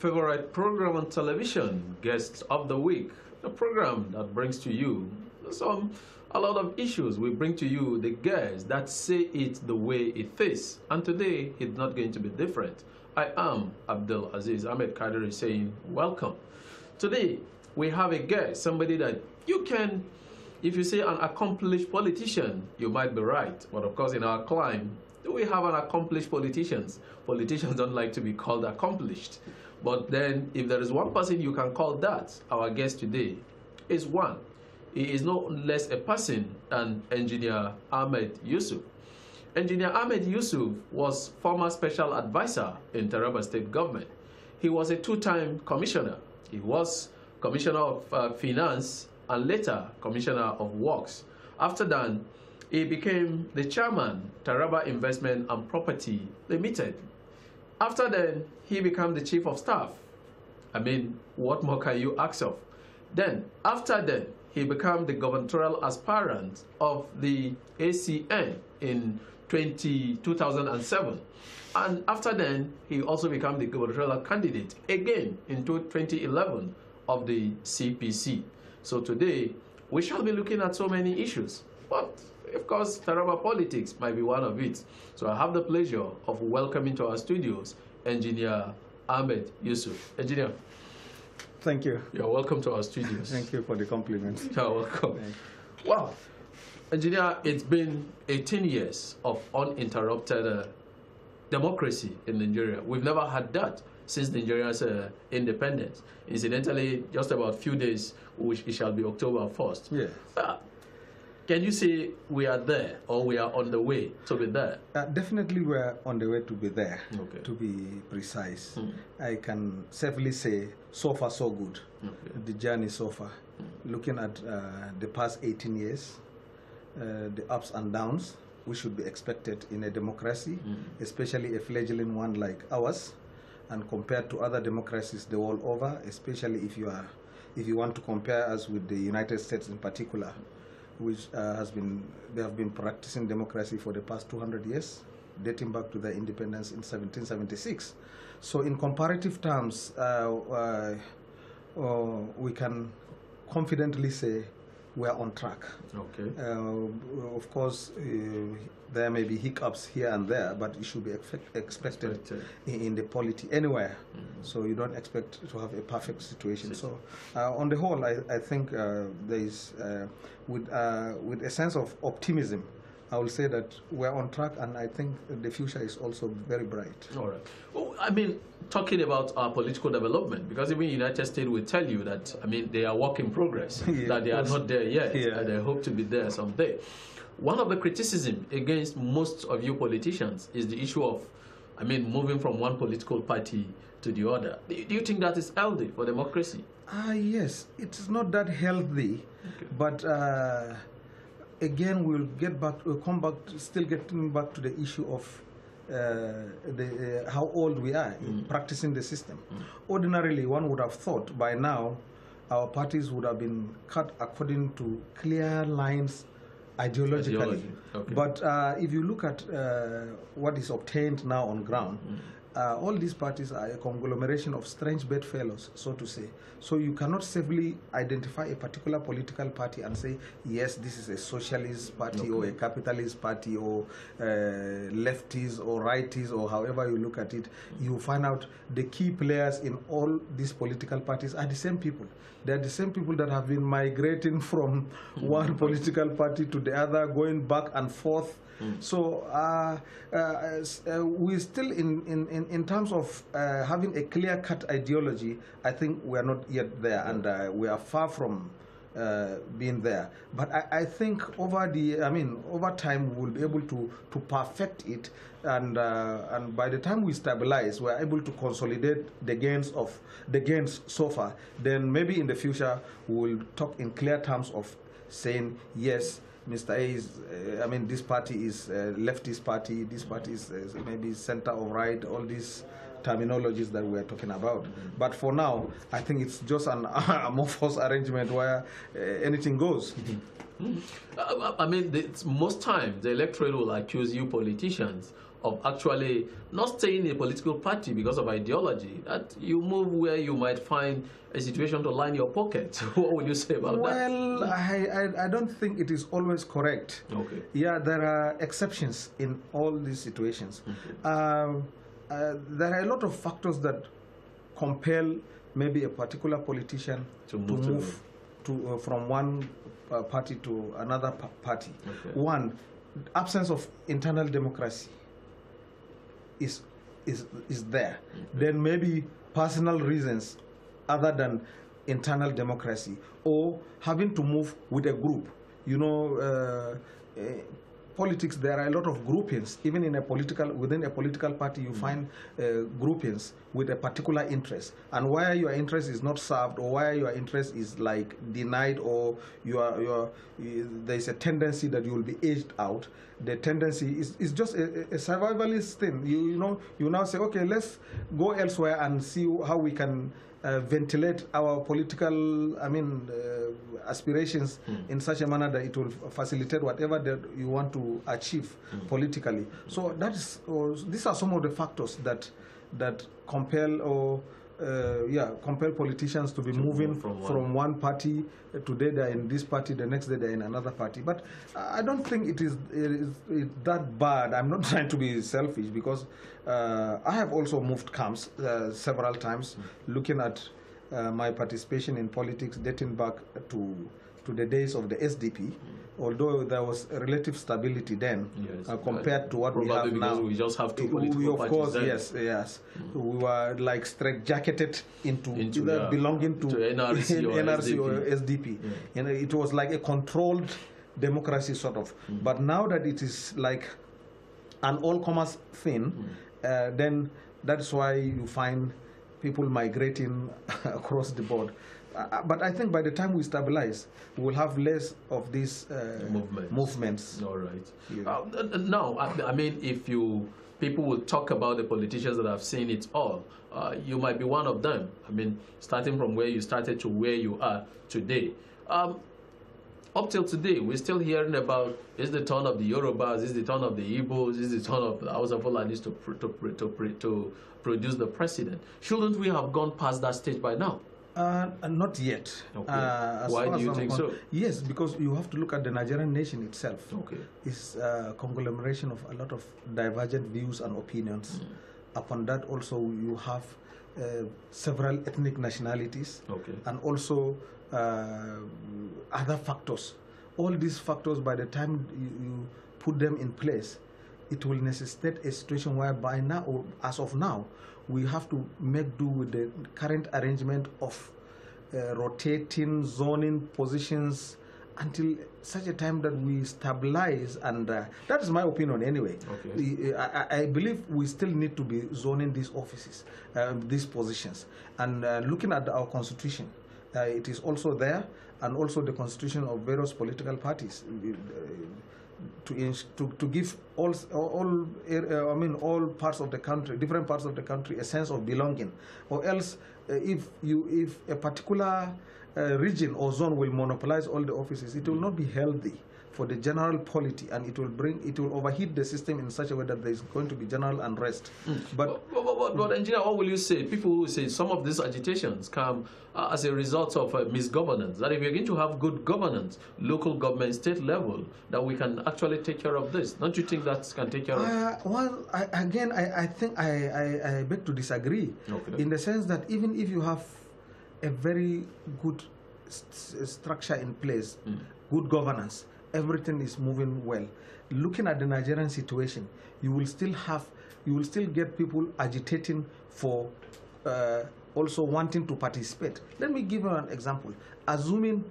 favorite program on television, Guest of the Week, the program that brings to you some a lot of issues we bring to you the guests that say it the way it is and today it's not going to be different i am abdul aziz ahmed Kadri, saying welcome today we have a guest somebody that you can if you say an accomplished politician you might be right but of course in our climb we have an accomplished politicians politicians don't like to be called accomplished but then, if there is one person you can call that, our guest today is one. He is no less a person than Engineer Ahmed Yusuf. Engineer Ahmed Yusuf was former special advisor in Taraba State Government. He was a two-time commissioner. He was Commissioner of uh, Finance and later Commissioner of Works. After that, he became the chairman, Taraba Investment and Property Limited, after then, he became the chief of staff. I mean, what more can you ask of? Then, after then, he became the gubernatorial aspirant of the ACN in 20, 2007. And after then, he also became the gubernatorial candidate again in 2011 of the CPC. So today, we shall be looking at so many issues. But of course, Taraba politics might be one of it. So I have the pleasure of welcoming to our studios engineer Ahmed Yusuf. Engineer. Thank you. You're welcome to our studios. Thank you for the compliment. You're welcome. You. Engineer, it's been 18 years of uninterrupted uh, democracy in Nigeria. We've never had that since Nigeria's uh, independence. Incidentally, just about a few days, which it shall be October 1st. Yes. Uh, can you say we are there or we are on the way to be there? Uh, definitely we are on the way to be there, okay. to be precise. Mm. I can safely say so far so good, okay. the journey so far. Mm. Looking at uh, the past 18 years, uh, the ups and downs, we should be expected in a democracy, mm. especially a fledgling one like ours, and compared to other democracies the world over, especially if you are if you want to compare us with the United States in particular which uh, has been, they have been practicing democracy for the past 200 years, dating back to their independence in 1776. So in comparative terms, uh, uh, uh we can confidently say we are on track. Okay. Uh, of course, uh, there may be hiccups here and there, but it should be expected, expected, in, the polity anywhere. Mm -hmm. So you don't expect to have a perfect situation. So uh, on the whole, I, I think uh, there is uh, with uh, with a sense of optimism. I will say that we're on track, and I think the future is also very bright. All right. Well, oh, I mean, talking about our political development, because even United States will tell you that, I mean, they are work in progress, yeah, that they are not there yet, yeah. that they hope to be there someday. One of the criticisms against most of you politicians is the issue of, I mean, moving from one political party to the other. Do you think that is healthy for democracy? Ah, yes. It's not that healthy, okay. but... Uh, again, we'll get back, we'll come back, to, still getting back to the issue of uh, the, uh, how old we are in mm. practicing the system. Mm. Ordinarily, one would have thought by now our parties would have been cut according to clear lines ideologically. Ideology. Okay. But uh, if you look at uh, what is obtained now on ground, mm uh, all these parties are a conglomeration of strange bedfellows, so to say. So you cannot safely identify a particular political party and say, yes, this is a socialist party okay. or a capitalist party or uh, lefties or righties or however you look at it. You find out the key players in all these political parties are the same people. They are the same people that have been migrating from one hmm. political party to the other, going back and forth Mm. So uh, uh, uh, we still, in, in, in terms of uh, having a clear-cut ideology, I think we are not yet there, and uh, we are far from uh, being there. But I, I, think over the, I mean, over time we'll be able to to perfect it, and uh, and by the time we stabilize, we're able to consolidate the gains of the gains so far. Then maybe in the future we'll talk in clear terms of saying yes Mr. A is, uh, I mean, this party is uh, leftist party, this party is uh, maybe center or right, all these terminologies that we're talking about. Mm -hmm. But for now, I think it's just an amorphous arrangement where uh, anything goes. Mm -hmm. I mean, most times the electorate will accuse you politicians of actually not staying in a political party because of ideology, that you move where you might find a situation to line your pocket. what would you say about well, that? Well, I, I, I, don't think it is always correct. Okay. Yeah, there are exceptions in all these situations. Okay. Um, uh, there are a lot of factors that compel maybe a particular politician to move, to move to, uh, from one uh, party to another party. Okay. One, absence of internal democracy is is is there, mm -hmm. then maybe personal reasons other than internal democracy or having to move with a group. You know, uh, eh, politics, there are a lot of groupings. Even in a political, within a political party, you mm find uh, groupings with a particular interest. And why your interest is not served, or why your interest is like denied, or you are, you are there is a tendency that you will be aged out. The tendency is, is just a, a survivalist thing. You, you know, you now say, okay, let's go elsewhere and see how we can uh, ventilate our political, I mean, uh, aspirations mm. in such a manner that it will facilitate whatever that you want to achieve mm. politically. So that is, uh, these are some of the factors that that compel or uh, yeah, compel politicians to be to moving from, one. from one party. Uh, today they're in this party, the next day they're in another party. But I don't think it is, it is it that bad. I'm not trying to be selfish because uh, I have also moved camps uh, several times, mm. looking at uh, my participation in politics dating back to to the days of the SDP. Mm although there was relative stability then yes, uh, compared right. to what Probably we have now. We just have two political we, Of course, yes, yes. Mm. We were like straitjacketed into, into belonging to, to NRC or NRC SDP. Or SDP. Yeah. Hmm. You know, it was like a controlled democracy sort of. Mm. But now that it is like an all-comers thing, mm. uh, then that's why you find people migrating across the board. Uh, uh, but I think by the time we stabilize, we will have less of these uh, movements. movements. All right. Yeah. Uh, no, I, I, mean, if you people will talk about the politicians that have seen it all, uh, you might be one of them. I mean, starting from where you started to where you are today. Um, up till today, we're still hearing about is the turn of the Yorubas, is the turn of the Igbos, is the turn of the House of Fulanis to, to, to, to, to produce the president. Shouldn't we have gone past that stage by now? Uh, uh, not yet. Okay. Uh, Why do you think so? Yes, because you have to look at the Nigerian nation itself. Okay. It's a conglomeration of a lot of divergent views and opinions. Mm. Upon that, also you have uh, several ethnic nationalities, okay. and also uh, other factors. All these factors, by the time you, you put them in place, it will necessitate a situation whereby now, or as of now, we have to make do with the current arrangement of uh, rotating zoning positions until such a time that we stabilize and uh, that is my opinion anyway okay. Uh, I, I, believe we still need to be zoning these offices uh, these positions and uh, looking at our constitution uh, it is also there and also the constitution of various political parties uh, to, to, to give all, all uh, I mean, all parts of the country, different parts of the country, a sense of belonging. Or else, uh, if, you, if a particular uh, region or zone will monopolize all the offices, it will not be healthy for the general polity and it will bring it will overheat the system in such a way that there is going to be general unrest mm. but but, but, but, but engineer what will you say people will say some of these agitations come uh, as a result of uh, misgovernance that if we're going to have good governance local government state level that we can actually take care of this don't you think that can take care of uh, well I, again I, I think I, I, I beg to disagree okay. in the sense that even if you have a very good st structure in place mm. good governance everything is moving well. Looking at the Nigerian situation, you will still have, you will still get people agitating for uh, also wanting to participate. Let me give you an example. Assuming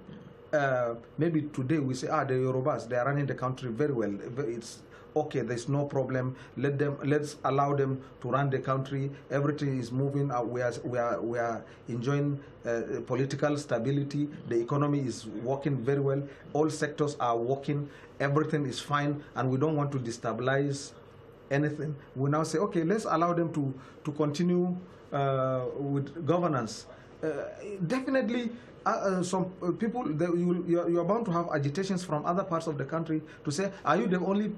uh, maybe today we say, ah, the Yorubas, they are running the country very well. It's okay, there's no problem. Let them, let's allow them to run the country. Everything is moving. Uh, we are, we are, we are enjoying uh, political stability. The economy is working very well. All sectors are working. Everything is fine, and we don't want to destabilize anything. We now say, okay, let's allow them to to continue uh, with governance. Uh, definitely, uh, uh, some uh, people, they, you, you're, you're bound to have agitations from other parts of the country to say, are you the only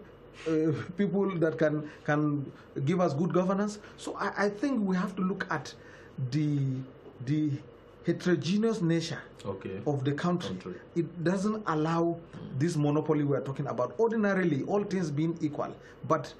uh, people that can can give us good governance. So I, I, think we have to look at the the heterogeneous nature okay. of the country. country. It doesn't allow mm. this monopoly we are talking about. Ordinarily, all things being equal, but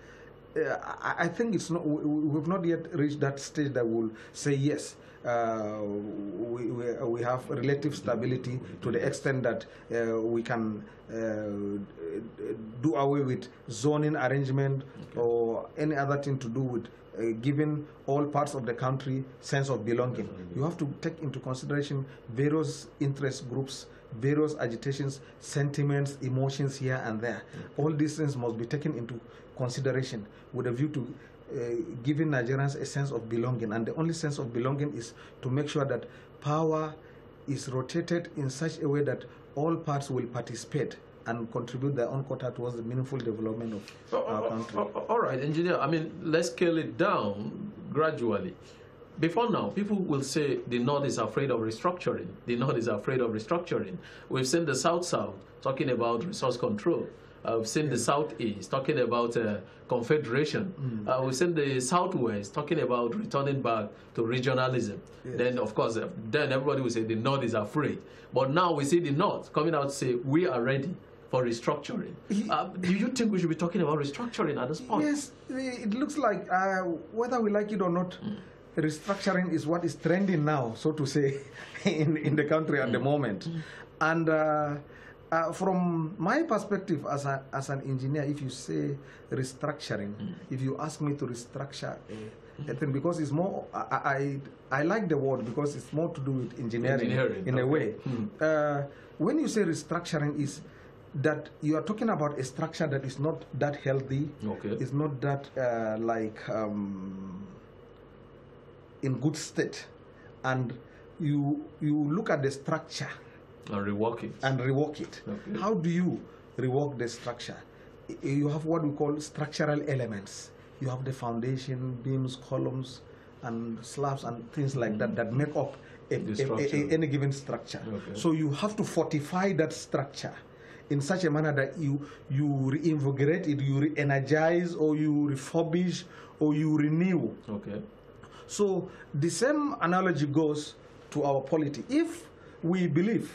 uh, I, think it's not. We, we've not yet reached that stage that will say yes. Uh, we, we, we, have relative stability to the extent that uh, we can uh, do away with zoning arrangement okay. or any other thing to do with uh, giving all parts of the country sense of belonging. You have to take into consideration various interest groups, various agitations, sentiments, emotions here and there. All these things must be taken into consideration with a view to uh, giving Nigerians a sense of belonging. And the only sense of belonging is to make sure that power is rotated in such a way that all parts will participate and contribute their own quota towards the meaningful development of oh, oh our country. Oh, oh, all right, engineer, I mean, let's scale it down gradually. Before now, people will say the North is afraid of restructuring. The North is afraid of restructuring. We've seen the South-South talking about resource control. I've uh, seen the southeast talking about uh, confederation. Mm. Uh, we've seen the southwest talking about returning back to regionalism. Yes. Then, of course, uh, then everybody will say the north is afraid. But now we see the north coming out to say we are ready for restructuring. Uh, do you think we should be talking about restructuring at this point? Yes, it looks like uh, whether we like it or not. Mm restructuring is what is trending now, so to say, in, in the country at mm. the hmm. moment. Mm. And uh, uh, from my perspective as, a, as an engineer, if you say restructuring, mm. if you ask me to restructure a, a mm-hmm. thing, because it's more, I, I, I, like the word because it's more to do with engineering, engineering in okay. a way. Mm. Uh, when you say restructuring is that you are talking about a structure that is not that healthy, okay. it's not that uh, like um, in good state, and you you look at the structure and rework it. And rework it. Okay. How do you rework the structure? Eh, you have what we call structural elements. You have the foundation, beams, columns, and slabs and things like mm -hmm. that mm-hmm. that make up a, a, a, any given structure. Okay. So you have to fortify that structure in such a manner that you you reinvigorate it, you re-energize, or you refurbish, or you renew. Okay. So the same analogy goes to our polity. If we believe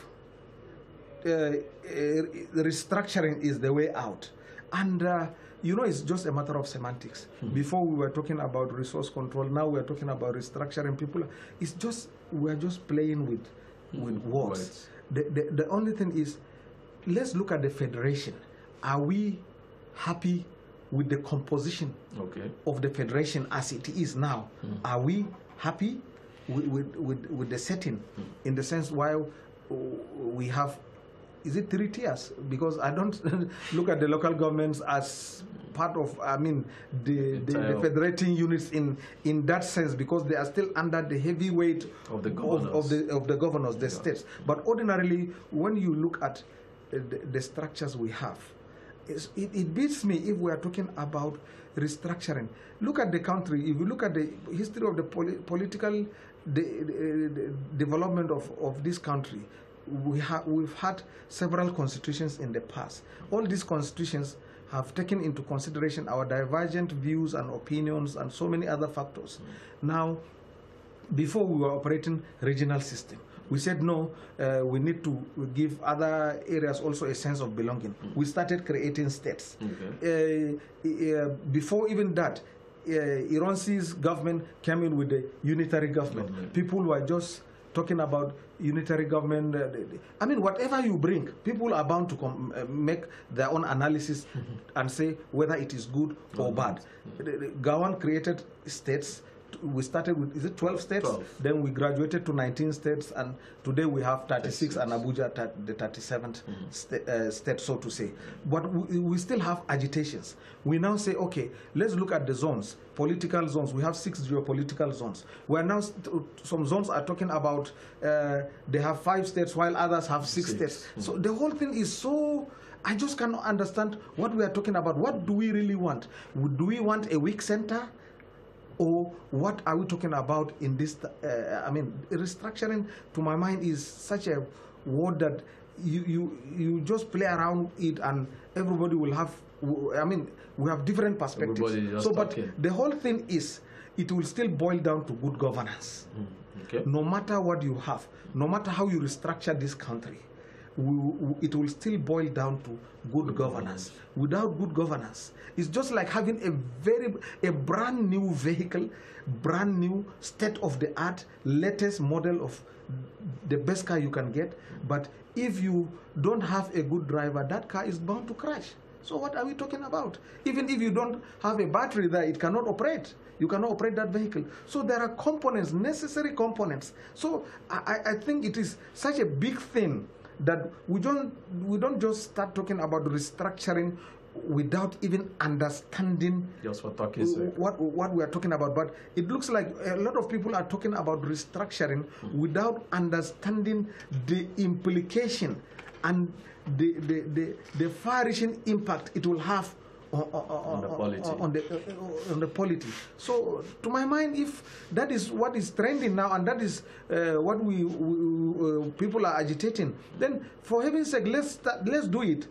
uh, uh, restructuring is the way out. And uh, you know, it's just a matter of semantics. Hmm. Before we were talking about resource control, now we're talking about restructuring people. It's just, we're just playing with, hmm. with words. The, the, the, only thing is, let's look at the federation. Are we happy with the composition okay. of the federation as it is now? Hmm. Are we happy with, with, with, with the setting hmm. in the sense while we have is it three tiers? Because I don't look at the local governments as part of, I mean, the, the, the, federating units in, in that sense because they are still under the heavy weight of the governors, of, of the, of the, governors, the yeah. states. But ordinarily, when you look at uh, the, the, structures we have, it, it beats me if we are talking about restructuring. Look at the country. If you look at the history of the poli political de de de development of, of this country, we ha we've had several constitutions in the past. All these constitutions have taken into consideration our divergent views and opinions and so many other factors. Now, before we were operating regional system, we said no, uh, we need to give other areas also a sense of belonging. Mm -hmm. We started creating states. Okay. Uh, uh, before even that, uh, Iran's government came in with a unitary government. Mm -hmm. People were just talking about unitary government. Uh, I mean, whatever you bring, people are bound to uh, make their own analysis and say whether it is good or bad. Gawan created states we started with is it 12 states 12. then we graduated to 19 states and today we have 36 and abuja the 37th mm -hmm. uh, state so to say but we, we, still have agitations we now say okay let's look at the zones political zones we have six geopolitical zones are now some zones are talking about uh, they have five states while others have six, six. states mm -hmm. so the whole thing is so I just cannot understand what we are talking about. What do we really want? Do we want a weak center? or what are we talking about in this? Uh, I mean, restructuring to my mind is such a word that you, you, you just play around it and everybody will have, I mean, we have different perspectives. So, but the whole thing is, it will still boil down to good governance. Mm, okay. No matter what you have, no matter how you restructure this country, it will still boil down to good governance. Without good governance, it's just like having a very a brand new vehicle, brand new state of the art, latest model of the best car you can get. But if you don't have a good driver, that car is bound to crash. So what are we talking about? Even if you don't have a battery there, it cannot operate. You cannot operate that vehicle. So there are components, necessary components. So I, I think it is such a big thing that we don't we don't just start talking about restructuring without even understanding just for talking what what we are talking about but it looks like a lot of people are talking about restructuring without understanding the implication and the the, the, the far-reaching impact it will have on, the polity. On the, uh, on the polity. So, to my mind, if that is what is trending now and that is uh, what we, we uh, people are agitating, then for heaven's sake, let's let's do it.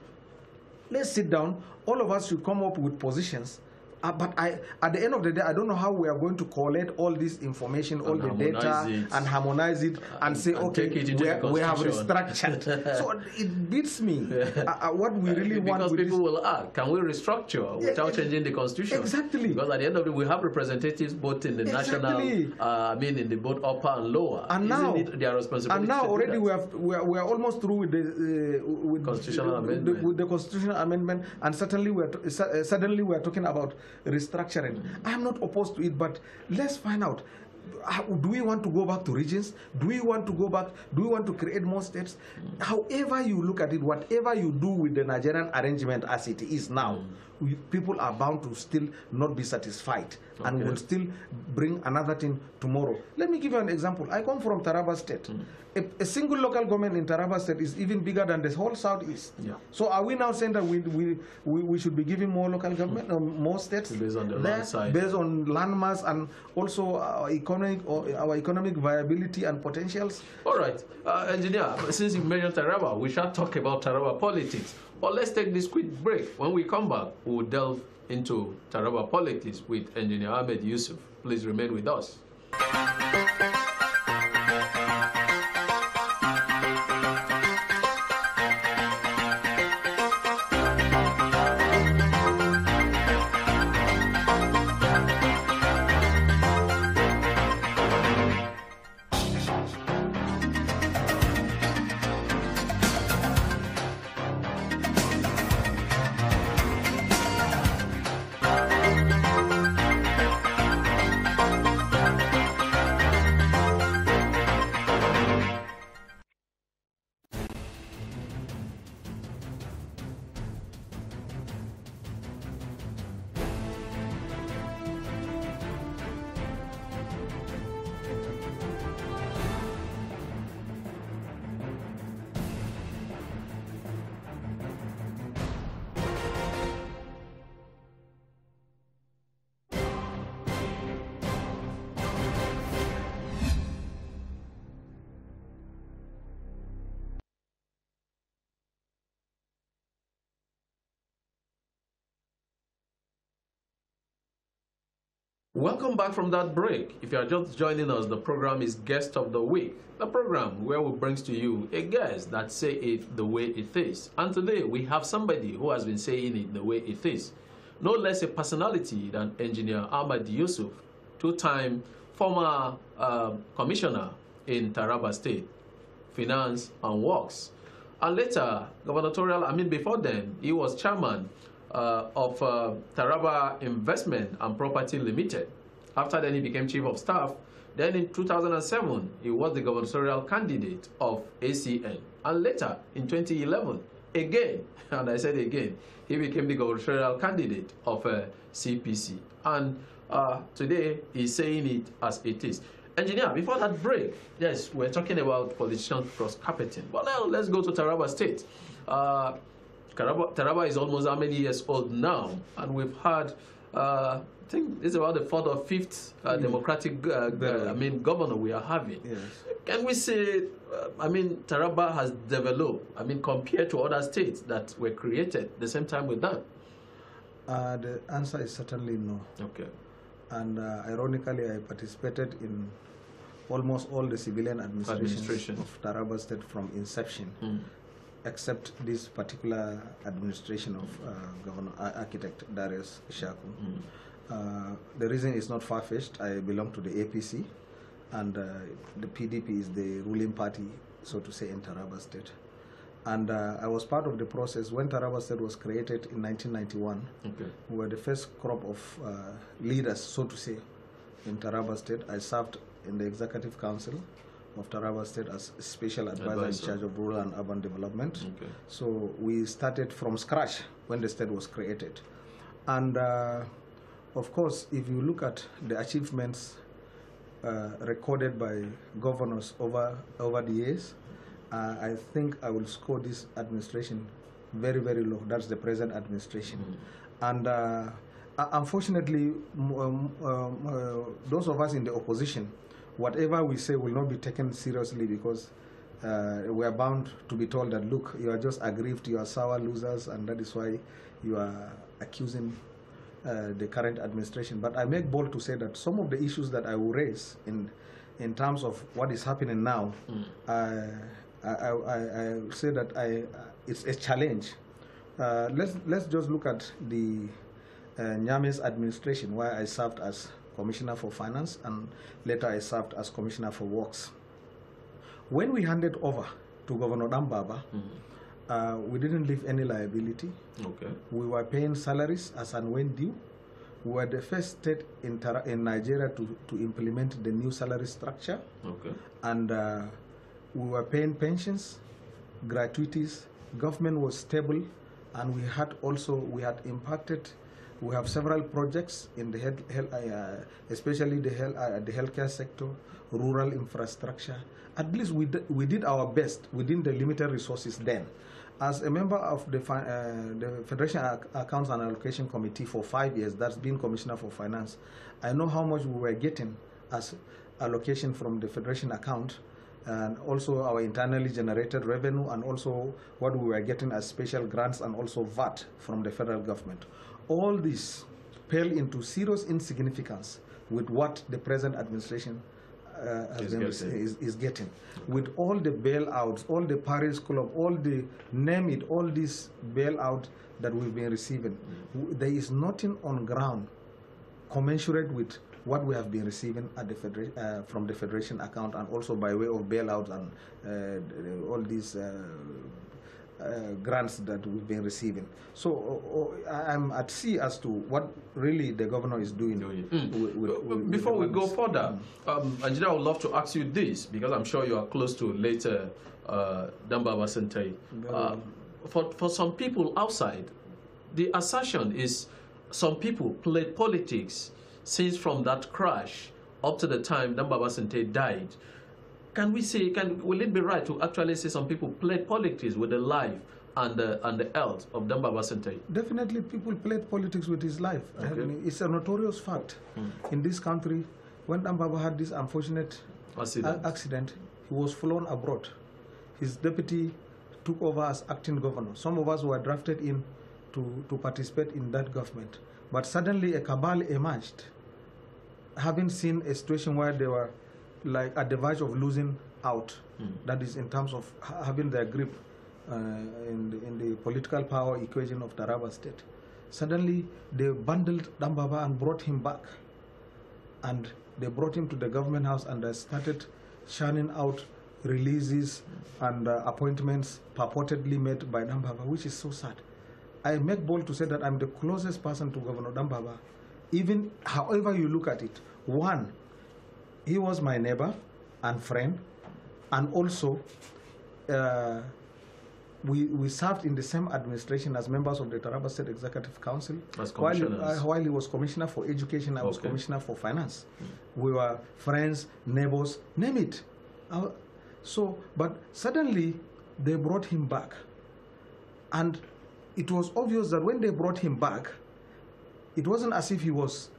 Let's sit down. All of us should come up with positions uh, but I, at the end of the day, I don't know how we are going to collect all this information, all the data, it. and harmonize it, and, uh, and say, and okay, we, we have restructured. so it beats me uh, uh, what we really because want. Because people will ask, can we restructure yeah, without changing the constitution? Exactly. Because at the end of the day, we have representatives both in the exactly. national, uh, I mean, in the both upper and lower. And Isn't now, it their responsibility and now already we, have, we, are, we are almost through with the with constitutional the, amendment. The, with the constitutional amendment, and certainly we are suddenly we are talking about restructuring. I'm not opposed to it, but let's find out do we want to go back to regions? Do we want to go back? Do we want to create more states? However you look at it, whatever you do with the Nigerian arrangement as it is now, we, people are bound to still not be satisfied okay. and will still bring another thing tomorrow. Let me give you an example. I come from Taraba State. Mm. A, a, single local government in Taraba State is even bigger than the whole Southeast. Yeah. So are we now saying that we, we, we, we should be giving more local government, mm. um, more states? Based on the land size. Based on landmass and also our economic, our economic viability and potentials. All right. Uh, engineer, since you mentioned Taraba, we shall talk about Taraba politics. But let's take this quick break. When we come back, we'll delve into Taraba politics with engineer Ahmed Yusuf. Please remain with us. Welcome back from that break. If you are just joining us, the program is Guest of the Week, the program where we brings to you a guest that say it the way it is. And today we have somebody who has been saying it the way it is. No less a personality than engineer Ahmad Yusuf, two-time former uh, commissioner in Taraba State, Finance and Works. And later, gubernatorial, I mean before then, he was chairman uh, of uh, Taraba Investment and Property Limited. After then, he became chief of staff. Then in 2007, he was the gubernatorial candidate of ACN. And later, in 2011, again, and I said again, he became the gubernatorial candidate of uh, CPC. And uh, today, he's saying it as it is. Engineer, before that break, yes, we're talking about politicians cross-carpeting. But now let's go to Taraba State. Uh, Taraba, Taraba is almost how many years old now? And we've had, uh, I think it's about the fourth or fifth uh, democratic, uh, uh I mean, governor we are having. Yes. Can we say, uh, I mean, Taraba has developed, I mean, compared to other states that were created the same time with that? Uh, the answer is certainly no. Okay. And ironically, I participated in almost all the civilian administrations Administration. of Taraba State from inception. Mm except this particular administration of uh, Governor Architect Darius Shaku. Mm mm-hmm. uh, the reason is not far-fetched. I belong to the APC, and uh, the PDP is the ruling party, so to say, in Taraba State. And uh, I was part of the process when Taraba State was created in 1991. Okay. We were the first crop of uh, leaders, so to say, in Taraba State. I served in the Executive Council of Taraba State as special advisor, advisor, in charge of rural and urban development. Okay. So we started from scratch when the state was created. And uh, of course, if you look at the achievements uh, recorded by governors over, over the years, uh, I think I will score this administration very, very low. That's the present administration. Mm -hmm. And uh, uh, unfortunately, um, um, uh, those of us in the opposition, whatever we say will not be taken seriously because uh, we are bound to be told that, look, you are just aggrieved, you are sour losers, and that is why you are accusing uh, the current administration. But I make bold to say that some of the issues that I will raise in, in terms of what is happening now, mm. Uh, I, I, I, say that I, uh, it's a challenge. Uh, let's, let's just look at the uh, Nyame's administration, where I served as Commissioner for Finance, and later I served as Commissioner for Works. When we handed over to Governor Dambaba, mm -hmm. uh, we didn't leave any liability. Okay. We were paying salaries as and when due. We were the first state in, in Nigeria to, to implement the new salary structure. Okay. And uh, we were paying pensions, gratuities. Government was stable, and we had also we had impacted we have several projects in the health, health uh, especially the health, uh, the healthcare sector, rural infrastructure. At least we we did our best within the limited resources then. As a member of the, uh, the Federation Accounts and Allocation Committee for five years, that's been Commissioner for Finance, I know how much we were getting as allocation from the Federation account and also our internally generated revenue and also what we were getting as special grants and also VAT from the federal government all this pale into serious insignificance with what the present administration uh, is, getting. Is, is, getting. With all the bailouts, all the Paris Club, all the name it, all this bailout that we've been receiving, mm there is nothing on ground commensurate with what we have been receiving the uh, from the federation account and also by way of bailouts and uh, all these uh, uh, grants that we've been receiving. So uh, uh I'm at sea as to what really the governor is doing. Mm. With, with, with Before we go further, mm. um, Angela, I would love to ask you this because I'm sure you are close to later uh, Dambaba Sentai. Uh, for, for some people outside, the assertion is some people played politics since from that crash up to the time Dambaba Sentai died can we say, can, will it be right to actually see some people play politics with the life and the, and the health of Damba Basente? Definitely people played politics with his life. Okay. it's a notorious fact. Hmm. In this country, when Dambaba had this unfortunate accident. accident, he was flown abroad. His deputy took over as acting governor. Some of us were drafted in to, to participate in that government. But suddenly a cabal emerged, having seen a situation where they were like device of losing out. Mm. That is in terms of having their grip uh, in, the, in the political power equation of Taraba state. Suddenly, they bundled Dambaba and brought him back. And they brought him to the government house and they started churning out releases and uh, appointments purportedly made by Dambaba, which is so sad. I make bold to say that I'm the closest person to Governor Dambaba. Even however you look at it, one, he was my neighbor and friend, and also uh, we, we served in the same administration as members of the Taraba State Executive Council. While, uh, while he was commissioner for education, I was commissioner for finance. Mm. We were friends, neighbors, name it. Uh, so, but suddenly they brought him back. And it was obvious that when they brought him back, it wasn't as if he was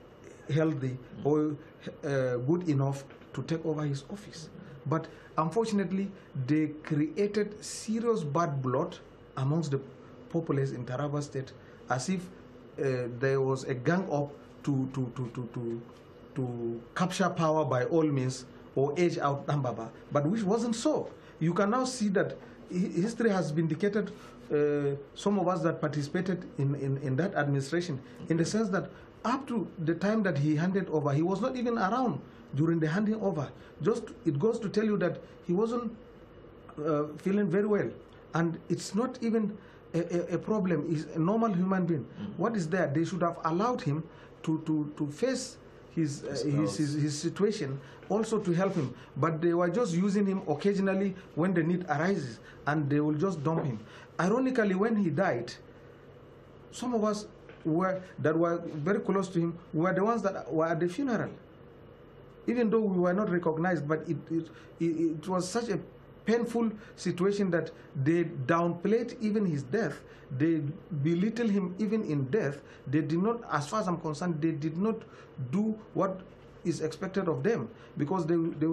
healthy or uh, good enough to take over his office. But unfortunately, they created serious bad blood amongst the populace in Taraba State as if uh, there was a gang up to, to, to, to, to, to capture power by all means or edge out Dambaba, but which wasn't so. You can now see that history has vindicated uh, some of us that participated in, in, in that administration in the sense that up to the time that he handed over, he was not even around during the handing over. Just it goes to tell you that he wasn't uh, feeling very well, and it's not even a, a, a problem. He's a normal human being. Mm. What is there? They should have allowed him to to to face. His, uh, his, his, his, situation also to help him but they were just using him occasionally when the need arises and they will just dump him ironically when he died some of us were, that were very close to him were the ones that were at the funeral. Even though we were not recognized, but it, it, it was such a painful situation that they downplayed even his death. They belittle him even in death. They did not, as far as I'm concerned, they did not do what is expected of them because they, they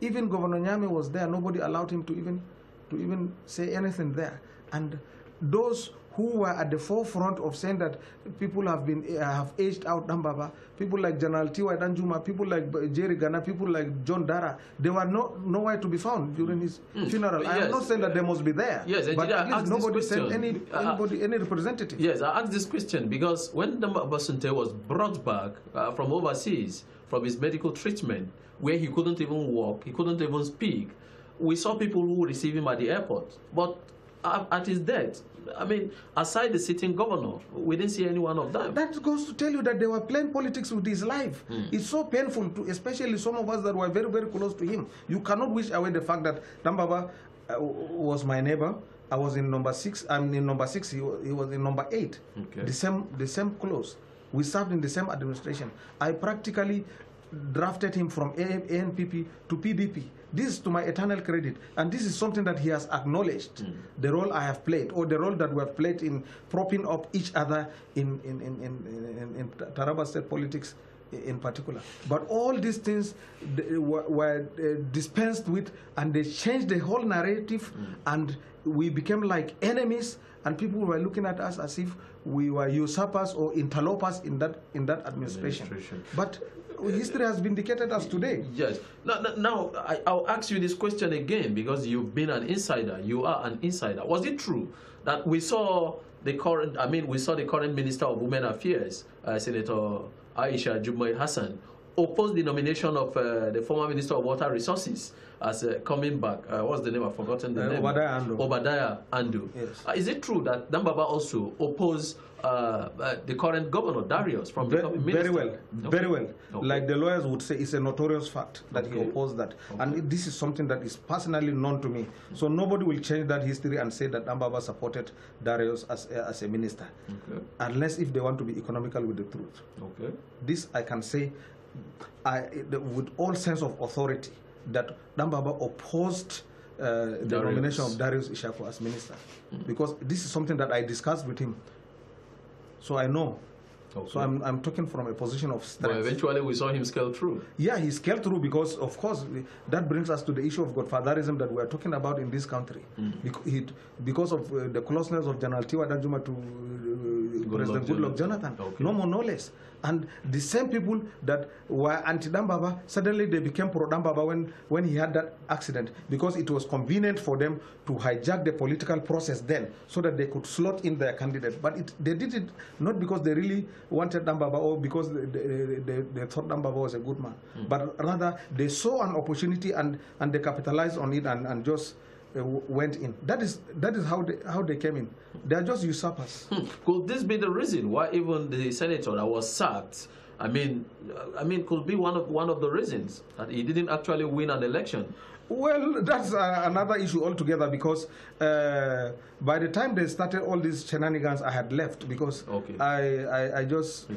even Governor Nyame was there. Nobody allowed him to even to even say anything there. And those who were at the forefront of saying that people have been eh, have aged out Dambaba, people like General T.Y. Danjuma, people like Jerry Gana, people like John Dara, they were not nowhere to be found during his mm. mm. funeral. Yes. I am not saying that they must be there. Yes, but at least nobody sent any anybody, any representative. Yes, I asked this question because when Dambaba Sunte was brought back uh, from overseas from his medical treatment, where he couldn't even walk, he couldn't even speak, we saw people who received him at the airport. But at his death. I mean, aside the sitting governor, we didn't see any one of them. That goes to tell you that they were playing politics with his life. Mm. It's so painful, to, especially some of us that were very, very close to him. You cannot wish away the fact that Nambaba uh, was my neighbor. I was in number six. I'm in number six. He was, he was in number eight. Okay. The same, the same close. We served in the same administration. I practically drafted him from ANPP to PDP. This is to my eternal credit. And this is something that he has acknowledged, mm. the role I have played, or the role that we have played in propping up each other in, in, in, in, in, in Taraba state politics in particular. But all these things were, were uh, dispensed with, and they changed the whole narrative, mm. and we became like enemies, and people were looking at us as if we were usurpers or interlopers in that in that administration. administration. But history has vindicated us today. Yes. Now, now I, I'll ask you this question again because you've been an insider. You are an insider. Was it true that we saw the current, I mean, we saw the current Minister of Women Affairs, uh, Senator Aisha Jumai Hassan, oppose the nomination of uh, the former Minister of Water Resources as uh, coming back. Uh, what's the name? I've forgotten the uh, name. Obadiah Andu. Obadiah Yes. Uh, is it true that Dambaba also opposed uh, uh, the current governor, Darius, from Be becoming minister? Very well. Okay. Very well. Okay. Like the lawyers would say, it's a notorious fact that okay. he opposed that. And this is something that is personally known to me. So nobody will change that history and say that Dambaba supported Darius as, as a minister. Unless if they want to be economical with the truth. Okay. This I can say I, with all sense of authority that Dambaba opposed uh, the Darius. nomination of Darius Ishaku as minister mm. because this is something that I discussed with him. So I know. Okay. So I'm, I'm talking from a position of strength. Well, eventually we saw him scale through. Yeah, he scaled through because, of course, that brings us to the issue of godfatherism that we are talking about in this country. Mm. Because, because of uh, the closeness of General Tiwa Danjuma to uh, President luck Jonathan. Okay. No more, no less. And the same people that were anti-Dambaba, suddenly they became pro-Dambaba when, when he had that accident because it was convenient for them to hijack the political process then so that they could slot in their candidate. But it, they did it not because they really wanted Dambaba or because they, they, they, they thought Dambaba was a good man, mm. but rather they saw an opportunity and, and they capitalized on it and, and just uh, went in. That is that is how they how they came in. They are just usurpers. Hmm. Could this be the reason why even the senator that was sacked? I mean, I mean, could be one of one of the reasons that he didn't actually win an election well, that's uh, another issue altogether because uh, by the time they started all these shenanigans, I had left because okay. I, I, I, just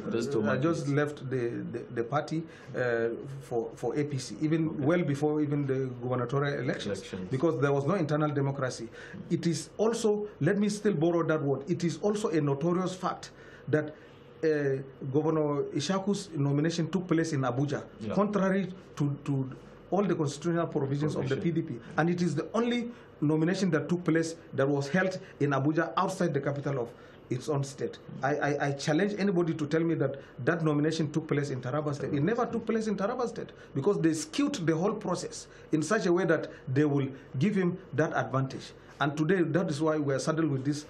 I just left the, the, the party uh, for, for APC, even okay. well before even the gubernatorial elections, elections, because there was no internal democracy. It is also, let me still borrow that word, it is also a notorious fact that uh, Governor Ishaku's nomination took place in Abuja, yeah. contrary to, to all the constitutional provisions of the PDP. And it is the only nomination that took place that was held in Abuja outside the capital of its own state. I, I, I, challenge anybody to tell me that that nomination took place in Taraba State. It never took place in Taraba State because they skewed the whole process in such a way that they will give him that advantage. And today, that is why we are saddled with this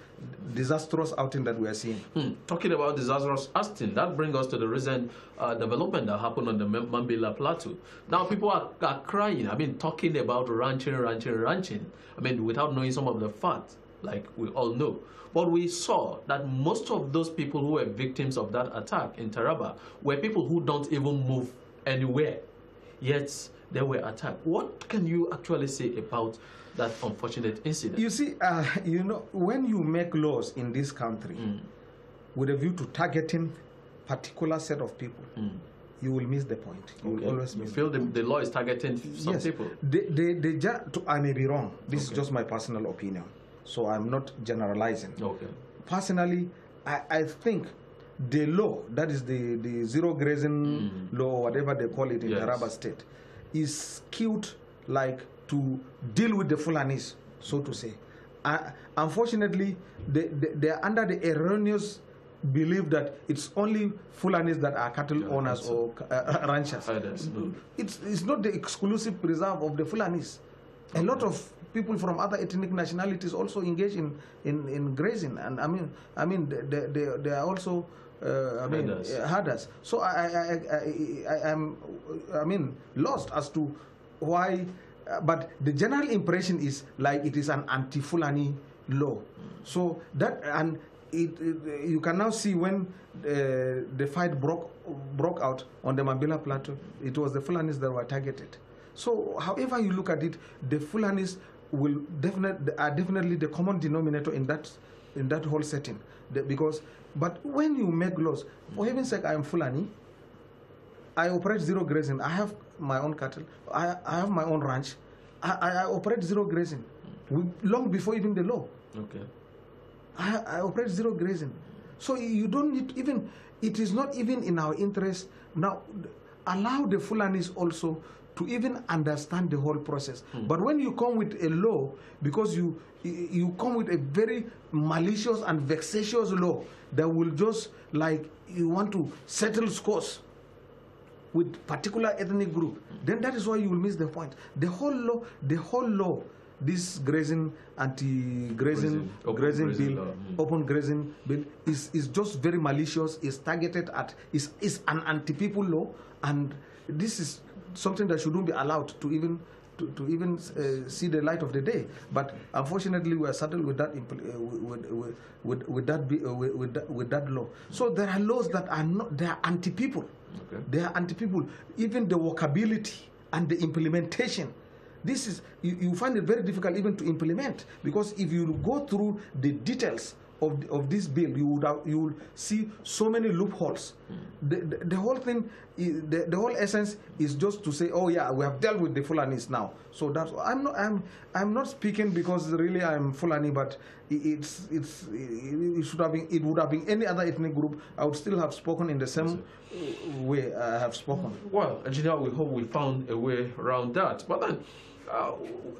disastrous outing that we are seeing. Hmm. Talking about disastrous outing, that brings us to the recent uh, development that happened on the Mambila Plateau. Now, people are, are crying, I mean, talking about ranching, ranching, ranching, I mean, without knowing some of the facts like we all know. But we saw that most of those people who were victims of that attack in Taraba were people who don't even move anywhere, yet they were attacked. What can you actually say about that unfortunate incident? You see, uh, you know, when you make laws in this country mm. with a view to targeting particular set of people, mm you will miss the point. You okay. will always miss. You feel the, the, law is targeting some yes. people. They, they, they just, I may be wrong. This okay. is just my personal opinion. So I'm not generalizing. Okay. Personally, I, I think the law, that is the, the zero grazing mm -hmm. law, whatever they call it in yes. the rubber state, is skewed like to deal with the Fulanis, so to say. Uh, unfortunately, they, they, are under the erroneous belief that it's only Fulanis that are cattle yeah, owners or uh, uh, ranchers. It's, it's not the exclusive preserve of the Fulanis. A lot of people from other ethnic nationalities also engage in, in, in grazing. And I mean, I mean, they, they, they are also uh, I mean, herders. Uh, so I, I, I, I, am, I mean, lost as to why. Uh, but the general impression is like it is an anti-Fulani law. So that and it, it, you can now see when uh, the fight broke broke out on the Mambila Plateau, it was the Fulanis that were targeted. So, however you look at it, the Fulanis will definitely are definitely the common denominator in that in that whole setting. The, because, but when you make laws, for heaven's sake, I am Fulani. I operate zero grazing. I have my own cattle. I, I have my own ranch. I, I, operate zero grazing, we, long before even the law. Okay. I, I operate zero grazing, so you don't need even. It is not even in our interest now. Allow the Fulanis also to even understand the whole process. Mm. But when you come with a law, because you you come with a very malicious and vexatious law that will just like you want to settle scores with particular ethnic group, then that is why you will miss the point. The whole law, the whole law, this grazing anti-grazing grazing, grazing, bill, hmm. open grazing bill is is just very malicious. Is targeted at is is an anti-people law, and this is something that shouldn't be allowed to even to, to even uh, see the light of the day. But unfortunately, we are saddled with that uh, with, with, with, with, that be, uh, with, that, with that law. So there are laws that are not they are anti people. Okay. They are anti people. Even the workability and the implementation. This is you, you find it very difficult even to implement because if you go through the details of, of this bill, you would have, you see so many loopholes. Mm. The, the, the, whole thing, is, the, the whole essence is just to say, oh yeah, we have dealt with the Fulanis now. So that's I'm not I'm I'm not speaking because really I'm Fulani, but it's it's it should have been it would have been any other ethnic group. I would still have spoken in the same way I have spoken. Well, engineer, we hope we found a way around that. But then. Uh,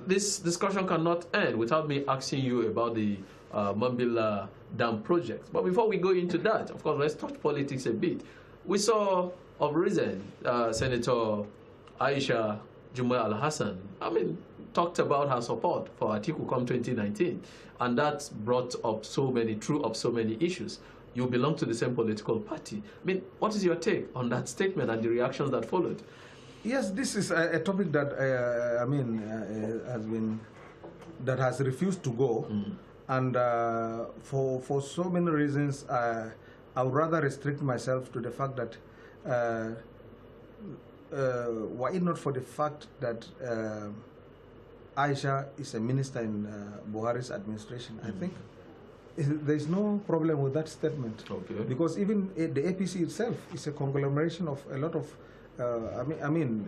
this discussion cannot end without me asking you about the uh, Mambila Dam project. But before we go into that, of course, let's touch politics a bit. We saw of recent uh, Senator Aisha Juma Al Hassan, I mean, talked about her support for Atiku come 2019, and that brought up so many, threw up so many issues. You belong to the same political party. I mean, what is your take on that statement and the reactions that followed? Yes, this is a, a topic that uh, I mean uh, uh has been that has refused to go. Mm. And uh, for, for so many reasons, uh, I would rather restrict myself to the fact that uh, uh, were it not for the fact that Aisha is a minister in Buhari's administration, mm. I hmm. think there's no problem with that statement. Okay. Because even eh, the APC itself is a conglomeration of a lot of uh, I mean, I mean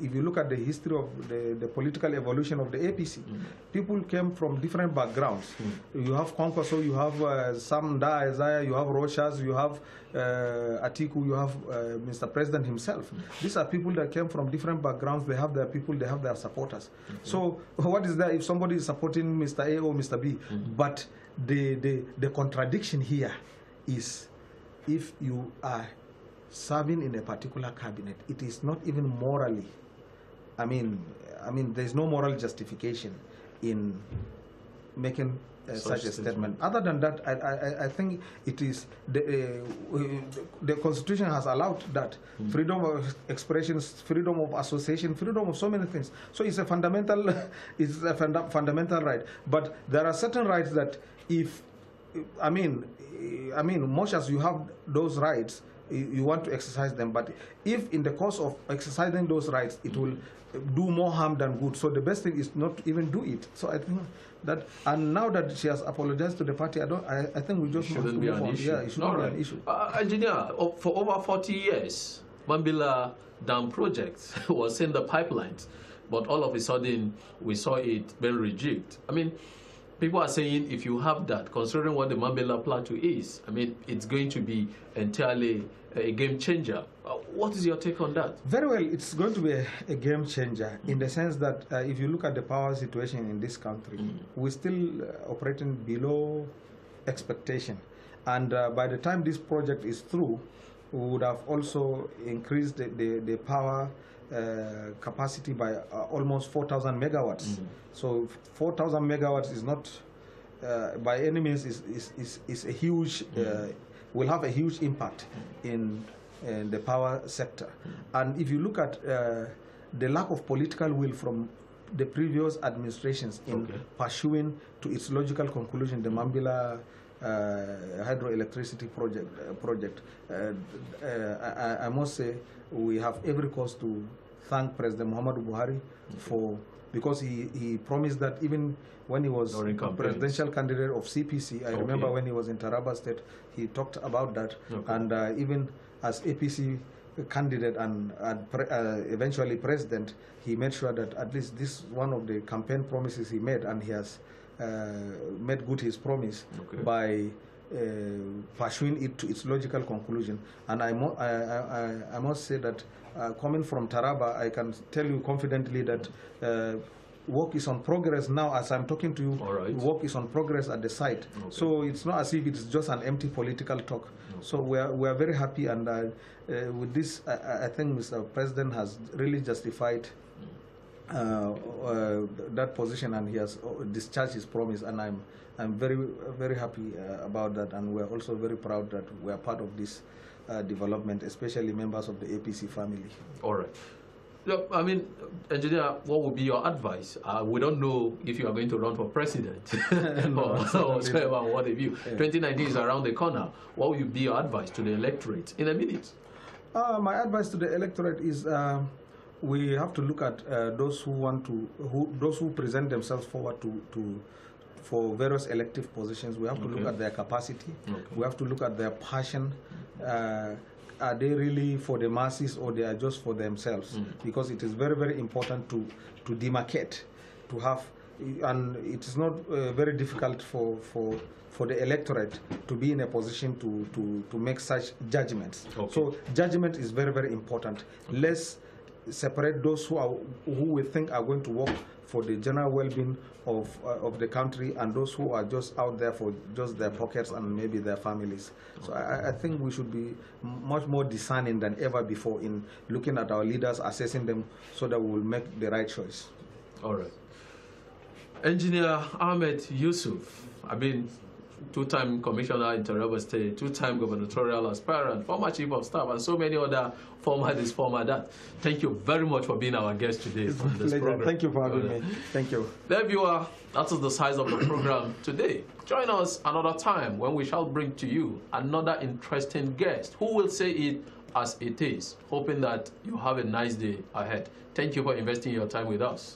uh, if you look at the history of the, the political evolution of the APC, mm. people came from different backgrounds. Mm. You have so you have uh, Sam Da Isaiah, you have Rochas, you have uh, Atiku, you have uh, Mr. President himself. Mm. These are people that came from different backgrounds. They have their people, they have their supporters. -hmm. So what is there if somebody is supporting Mr. A or Mr. B? -hmm. But the, the, the contradiction here is if you are serving in a particular cabinet, it is not even morally. I mean, I mean, there's no moral justification in making uh, such, such, a statement. statement. Other than that, I, I, I think it is the, uh, the Constitution has allowed that mm. freedom of expression, freedom of association, freedom of so many things. So it's a fundamental, it's a funda fundamental right. But there are certain rights that if, I mean, I mean, much as you have those rights, you, you want to exercise them, but if in the course of exercising those rights, it will do more harm than good. So the best thing is not even do it. So I think that, and now that she has apologized to the party, I don't. I, I think we just shouldn't be an issue. Yeah, it should not be an issue. Uh, engineer, for over 40 years, Mambila Dam project was in the pipelines, but all of a sudden we saw it being rejigged. I mean people are saying if you have that, considering what the Mambela Plateau is, I mean, it's going to be entirely a game changer. Uh, what is your take on that? Very well, it's going to be a, a game changer mm. in the sense that uh, if you look at the power situation in this country, mm. we're still uh, operating below expectation. And uh, by the time this project is through, we would have also increased the, the, the power uh, capacity by uh, almost 4,000 megawatts. Mm -hmm. So 4,000 megawatts is not, uh, by any means, is, is, is, is a huge, uh, mm-hmm. will have a huge impact mm-hmm. in, in the power sector. Mm -hmm. And if you look at uh, the lack of political will from the previous administrations in okay. pursuing to its logical conclusion the mm-hmm. Mambila uh, hydroelectricity project, uh, project uh, I, I must say we have every cause to thank President Muhammadu Buhari okay. for because he, he promised that even when he was presidential candidate of CPC, I okay. remember when he was in Taraba State, he talked about that. Okay. And uh, even as APC candidate and, pre, uh, eventually president, he made sure that at least this one of the campaign promises he made and he has uh, made good his promise okay. by uh, pursuing it to its logical conclusion. And I, mo I, I, I, must say that uh, coming from Taraba, I can tell you confidently that work is on progress now as I'm talking to you. Right. Work is on progress at the site. Okay. So it's not as if it's just an empty political talk. So we are, we are very happy and uh, uh, with this, I, I, think Mr. President has really justified uh, uh, that position and he has discharged his promise and I'm, I'm very, very happy uh, about that and we're also very proud that we're part of this development, especially members of the APC family. All right. Look, I mean, engineer, what would be your advice? Uh, we don't know if you are going to run for president no, or what have you. Yeah. 2019 is around the corner. What would be your advice to the electorate in a minute? Uh, my advice to the electorate is uh, we have to look at uh, those who want to who those who present themselves forward to to for various elective positions we have okay. to look at their capacity okay. we have to look at their passion uh, are they really for the masses or they are just for themselves mm. because it is very very important to to demarcate to have and it is not uh, very difficult for for for the electorate to be in a position to to to make such judgments okay. so judgment is very very important less separate those who, are, who we think are going to work for the general well-being of, uh, of the country and those who are just out there for just their pockets and maybe their families. So I, I think we should be much more discerning than ever before in looking at our leaders, assessing them so that we will make the right choice. All right. Engineer Ahmed Yusuf, I mean, two-time commissioner in Taraba State, two-time gubernatorial aspirant, former chief of staff, and so many other former this, former that. Thank you very much for being our guest today. Thank you for having me. Thank you. There you are. That is the size of the program today. Join us another time when we shall bring to you another interesting guest who will say it as it is, hoping that you have a nice day ahead. Thank you for investing your time with us.